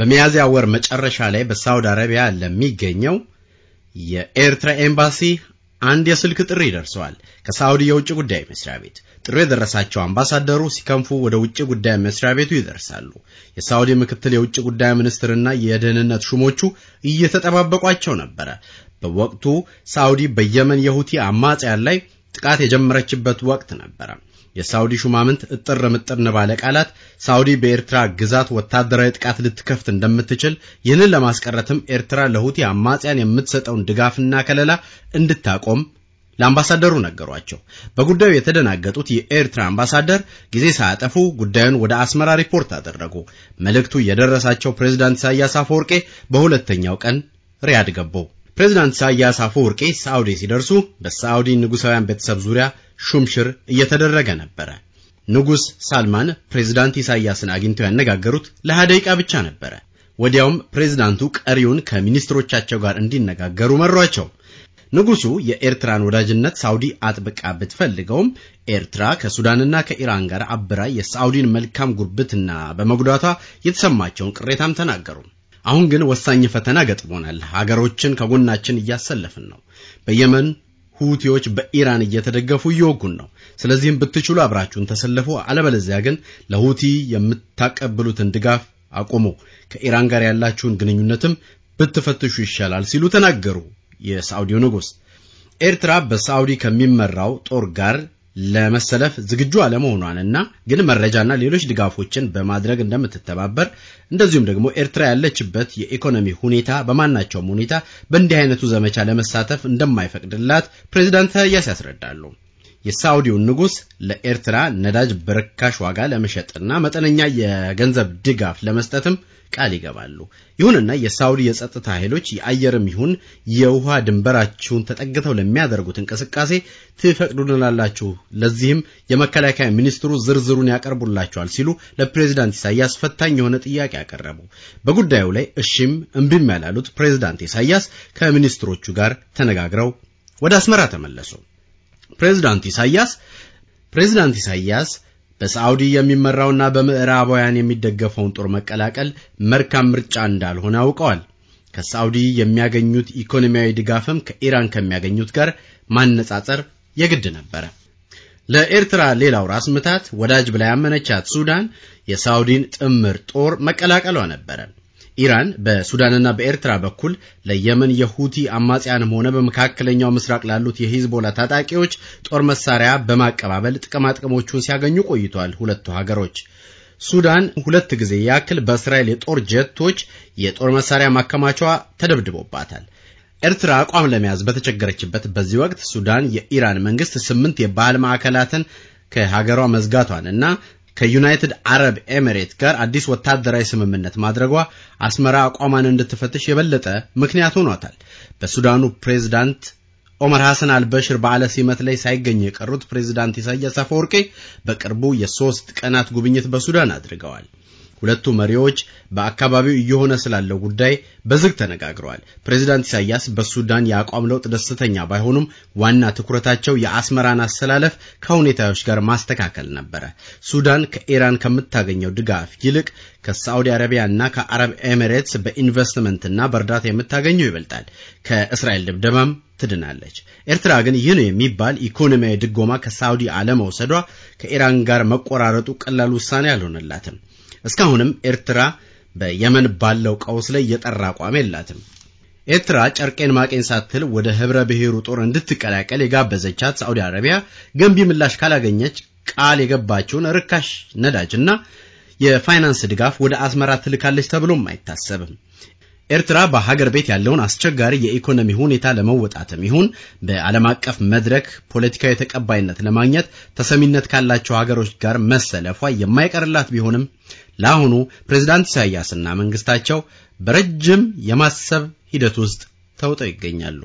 በሚያዝያ ወር መጨረሻ ላይ በሳውዲ አረቢያ ለሚገኘው የኤርትራ ኤምባሲ አንድ የስልክ ጥሪ ደርሰዋል። ከሳውዲ የውጭ ጉዳይ መስሪያ ቤት ጥሪ የደረሳቸው አምባሳደሩ ሲከንፉ ወደ ውጭ ጉዳይ መስሪያ ቤቱ ይደርሳሉ። የሳውዲ ምክትል የውጭ ጉዳይ ሚኒስትርና የደህንነት ሹሞቹ እየተጠባበቋቸው ነበረ። በወቅቱ ሳውዲ በየመን የሁቲ አማጽያን ላይ ጥቃት የጀመረችበት ወቅት ነበረ። የሳውዲ ሹማምንት እጥር ምጥርን ባለ ቃላት ሳውዲ በኤርትራ ግዛት ወታደራዊ ጥቃት ልትከፍት እንደምትችል ይህንን ለማስቀረትም ኤርትራ ለሁቲ አማጽያን የምትሰጠውን ድጋፍና ከለላ እንድታቆም ለአምባሳደሩ ነገሯቸው። በጉዳዩ የተደናገጡት የኤርትራ አምባሳደር ጊዜ ሳያጠፉ ጉዳዩን ወደ አስመራ ሪፖርት አደረጉ። መልእክቱ የደረሳቸው ፕሬዝዳንት ኢሳያስ አፈወርቄ በሁለተኛው ቀን ሪያድ ገቡ። ፕሬዚዳንት ኢሳያስ አፈወርቂ ሳውዲ ሲደርሱ በሳውዲ ንጉሳውያን ቤተሰብ ዙሪያ ሹምሽር እየተደረገ ነበረ። ንጉስ ሳልማን ፕሬዚዳንት ኢሳያስን አግኝተው ያነጋገሩት ለሃያ ደቂቃ ብቻ ነበረ። ወዲያውም ፕሬዚዳንቱ ቀሪውን ከሚኒስትሮቻቸው ጋር እንዲነጋገሩ መሯቸው። ንጉሱ የኤርትራን ወዳጅነት ሳውዲ አጥብቃ ብትፈልገውም ኤርትራ ከሱዳንና ከኢራን ጋር አብራ የሳውዲን መልካም ጉርብትና በመጉዳቷ የተሰማቸውን ቅሬታም ተናገሩ። አሁን ግን ወሳኝ ፈተና ገጥሞናል። ሀገሮችን ከጎናችን እያሰለፍን ነው። በየመን ሁቲዎች በኢራን እየተደገፉ እየወጉን ነው። ስለዚህም ብትችሉ አብራችሁን ተሰለፉ፣ አለበለዚያ ግን ለሁቲ የምታቀብሉትን ድጋፍ አቁሙ፣ ከኢራን ጋር ያላችሁን ግንኙነትም ብትፈትሹ ይሻላል ሲሉ ተናገሩ የሳዑዲው ንጉሥ። ኤርትራ በሳዑዲ ከሚመራው ጦር ጋር ለመሰለፍ ዝግጁ አለመሆኗንና ግን መረጃና ሌሎች ድጋፎችን በማድረግ እንደምትተባበር እንደዚሁም ደግሞ ኤርትራ ያለችበት የኢኮኖሚ ሁኔታ በማናቸውም ሁኔታ በእንዲህ አይነቱ ዘመቻ ለመሳተፍ እንደማይፈቅድላት ፕሬዚዳንት ያስ ያስረዳሉ። የሳውዲው ንጉሥ ለኤርትራ ነዳጅ በርካሽ ዋጋ ለመሸጥና መጠነኛ የገንዘብ ድጋፍ ለመስጠትም ቃል ይገባሉ። ይሁንና የሳውዲ የጸጥታ ኃይሎች የአየርም ይሁን የውሃ ድንበራችሁን ተጠግተው ለሚያደርጉት እንቅስቃሴ ትፈቅዱልናላችሁ፣ ለዚህም የመከላከያ ሚኒስትሩ ዝርዝሩን ያቀርቡላቸዋል ሲሉ ለፕሬዚዳንት ኢሳያስ ፈታኝ የሆነ ጥያቄ አቀረቡ። በጉዳዩ ላይ እሺም እምቢም ያላሉት ፕሬዚዳንት ኢሳያስ ከሚኒስትሮቹ ጋር ተነጋግረው ወደ አስመራ ተመለሱ። ፕሬዝዳንት ኢሳያስ ፕሬዝዳንት ኢሳያስ በሳዑዲ የሚመራውና በምዕራባውያን የሚደገፈውን ጦር መቀላቀል መልካም ምርጫ እንዳልሆነ አውቀዋል። ከሳዑዲ የሚያገኙት ኢኮኖሚያዊ ድጋፍም ከኢራን ከሚያገኙት ጋር ማነጻጸር የግድ ነበረ። ለኤርትራ ሌላው ራስ ምታት ወዳጅ ብላ ያመነቻት ሱዳን የሳዑዲን ጥምር ጦር መቀላቀሏ ነበረ። ኢራን በሱዳንና በኤርትራ በኩል ለየመን የሁቲ አማጽያንም ሆነ በመካከለኛው ምስራቅ ላሉት የሂዝቦላ ታጣቂዎች ጦር መሳሪያ በማቀባበል ጥቅማጥቅሞቹን ሲያገኙ ቆይቷል። ሁለቱ ሀገሮች ሱዳን ሁለት ጊዜ ያክል በእስራኤል የጦር ጀቶች የጦር መሳሪያ ማከማቿ ተደብድቦባታል። ኤርትራ አቋም ለመያዝ በተቸገረችበት በዚህ ወቅት ሱዳን የኢራን መንግስት ስምንት የባህል ማዕከላትን ከሀገሯ መዝጋቷን እና ከዩናይትድ አረብ ኤምሬት ጋር አዲስ ወታደራዊ ስምምነት ማድረጓ አስመራ አቋሟን እንድትፈትሽ የበለጠ ምክንያት ሆኗታል። በሱዳኑ ፕሬዝዳንት ኦመር ሐሰን አልበሽር በዓለ ሲመት ላይ ሳይገኙ የቀሩት ፕሬዝዳንት ኢሳያስ አፈወርቄ በቅርቡ የሶስት ቀናት ጉብኝት በሱዳን አድርገዋል። ሁለቱ መሪዎች በአካባቢው እየሆነ ስላለው ጉዳይ በዝግ ተነጋግረዋል። ፕሬዚዳንት ኢሳያስ በሱዳን የአቋም ለውጥ ደስተኛ ባይሆኑም ዋና ትኩረታቸው የአስመራን አሰላለፍ ከሁኔታዎች ጋር ማስተካከል ነበረ። ሱዳን ከኢራን ከምታገኘው ድጋፍ ይልቅ ከሳዑዲ አረቢያና ከአረብ ኤሚሬትስ በኢንቨስትመንትና በእርዳታ የምታገኘው ይበልጣል። ከእስራኤል ድብደባም ትድናለች። ኤርትራ ግን ይህ ነው የሚባል ኢኮኖሚያዊ ድጎማ ከሳውዲ አለመውሰዷ ከኢራን ጋር መቆራረጡ ቀላል ውሳኔ አልሆነላትም። እስካሁንም ኤርትራ በየመን ባለው ቀውስ ላይ የጠራ አቋም የላትም። ኤርትራ ጨርቄን ማቄን ሳትል ወደ ህብረ ብሔሩ ጦር እንድትቀላቀል የጋበዘቻት ሳዑዲ አረቢያ ገንቢ ምላሽ ካላገኘች ቃል የገባችውን ርካሽ ነዳጅና የፋይናንስ ድጋፍ ወደ አስመራ ትልካለች ተብሎም አይታሰብም። ኤርትራ በሀገር ቤት ያለውን አስቸጋሪ የኢኮኖሚ ሁኔታ ለመወጣትም ይሁን በዓለም አቀፍ መድረክ ፖለቲካዊ ተቀባይነት ለማግኘት ተሰሚነት ካላቸው ሀገሮች ጋር መሰለፏ የማይቀርላት ቢሆንም ለአሁኑ ፕሬዝዳንት ኢሳያስና መንግስታቸው በረጅም የማሰብ ሂደት ውስጥ ተውጠው ይገኛሉ።